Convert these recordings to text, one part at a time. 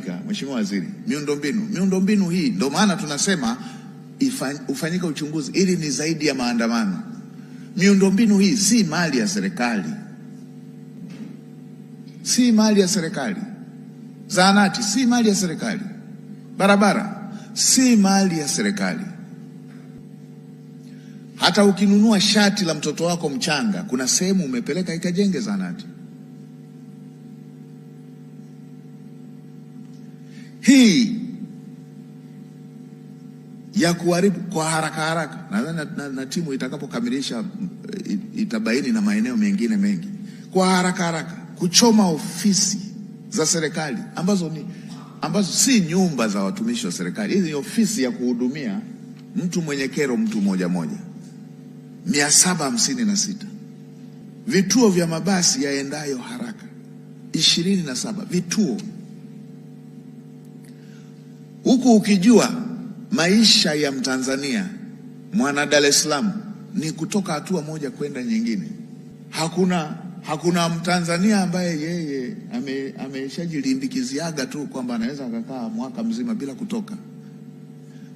Mheshimiwa Waziri, miundombinu, miundombinu hii ndio maana tunasema ufanyike uchunguzi, ili ni zaidi ya maandamano. Miundombinu hii si mali ya serikali, si mali ya serikali. Zahanati si mali ya serikali, barabara si mali ya serikali. Hata ukinunua shati la mtoto wako mchanga, kuna sehemu umepeleka ikajenge zahanati. hii ya kuharibu kwa haraka haraka, nadhani na, na, na timu itakapokamilisha eh, itabaini na maeneo mengine mengi, kwa haraka haraka kuchoma ofisi za serikali ambazo ni ambazo si nyumba za watumishi wa serikali. Hizi ni ofisi ya kuhudumia mtu mwenye kero, mtu moja moja, mia saba hamsini na sita vituo vya mabasi yaendayo haraka ishirini na saba vituo huku ukijua maisha ya Mtanzania mwana Dar es Salaam ni kutoka hatua moja kwenda nyingine. Hakuna hakuna Mtanzania ambaye yeye ameshajilimbikiziaga ame tu kwamba anaweza akakaa mwaka mzima bila kutoka.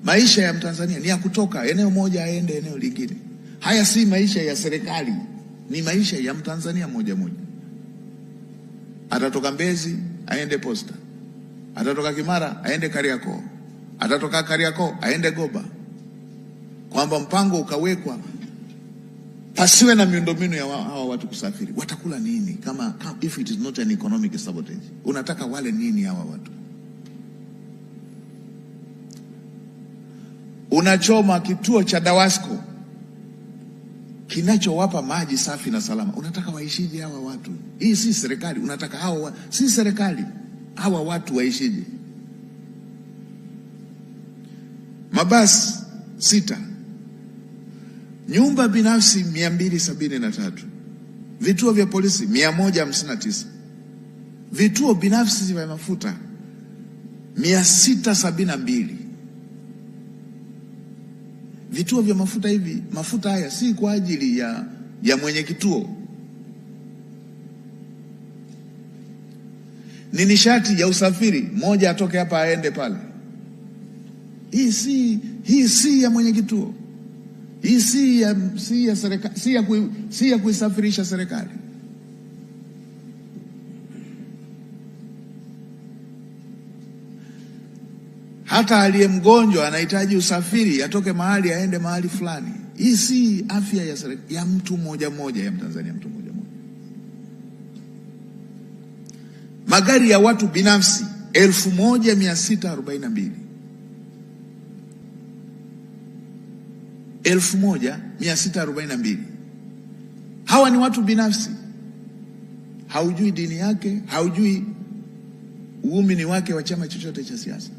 Maisha ya Mtanzania ni ya kutoka eneo moja aende eneo lingine. Haya si maisha ya serikali, ni maisha ya Mtanzania moja moja. Atatoka Mbezi aende Posta, atatoka Kimara aende Kariakoo atatoka Kariakoo aende Goba, kwamba mpango ukawekwa pasiwe na miundombinu ya wa, hawa watu kusafiri, watakula nini? Kama if it is not an economic sabotage, unataka wale nini hawa watu? Unachoma kituo cha Dawasco kinachowapa maji safi na salama, unataka waishije hawa watu? Hii si serikali, unataka hawa si serikali, hawa watu waishije? mabasi sita, nyumba binafsi mia mbili sabini na tatu, vituo vya polisi mia moja hamsini na tisa, vituo binafsi vya mafuta mia sita sabini na mbili. Vituo vya mafuta hivi, mafuta haya si kwa ajili ya, ya mwenye kituo, ni nishati ya usafiri, moja atoke hapa aende pale. Hii si hii si ya mwenye kituo, hii si ya si ya serikali, si ya kui, si ya kuisafirisha serikali. Hata aliye mgonjwa anahitaji usafiri, atoke mahali aende mahali fulani. Hii si afya ya, ya mtu mmoja moja ya Mtanzania mtu moja moja. Magari ya watu binafsi elfu moja mia sita arobaini na mbili elfu moja mia sita arobaini na mbili. Hawa ni watu binafsi, haujui dini yake, haujui uumini wake wa chama chochote cha siasa.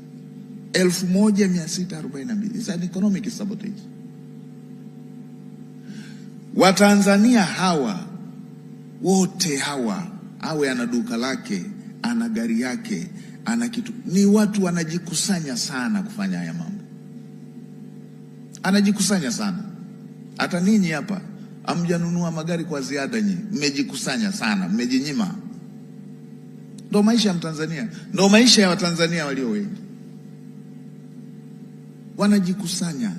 elfu moja mia sita arobaini na mbili is an economic sabotage. Watanzania hawa wote hawa, awe ana duka lake, ana gari yake, ana kitu, ni watu wanajikusanya sana kufanya haya mambo anajikusanya sana. Hata ninyi hapa amjanunua magari kwa ziada, nyi mmejikusanya sana, mmejinyima. Ndo maisha ya Mtanzania, ndo maisha ya Watanzania walio wengi, wanajikusanya.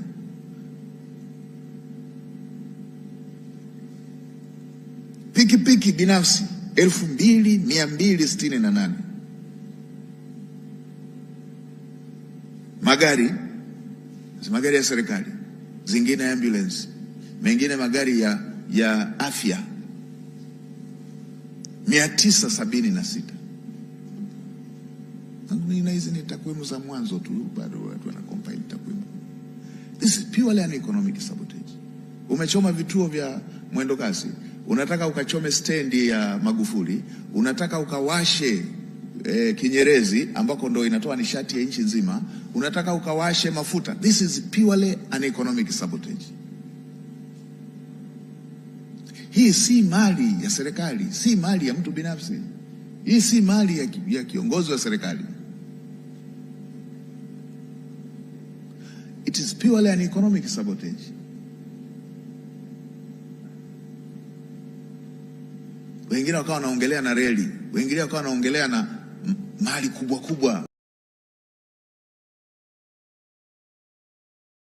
Pikipiki binafsi elfu mbili mia mbili sitini na nane magari magari ya serikali zingine ambulance, mengine magari ya, ya afya mia tisa sabini na sita. Hizi ni takwimu za mwanzo tu, bado watu wana compile takwimu. This is purely an economic sabotage. Umechoma vituo vya kasi, unataka ukachome stendi ya Magufuli, unataka ukawashe eh, Kinyerezi ambako ndo inatoa nishati ya nchi nzima, unataka ukawashe mafuta. This is purely an economic sabotage. Hii si mali ya serikali, si mali ya mtu binafsi, hii si mali ya, ya kiongozi wa serikali. It is purely an economic sabotage. Wengine wakawa wanaongelea na reli, wengine wakawa wanaongelea na mali kubwa kubwa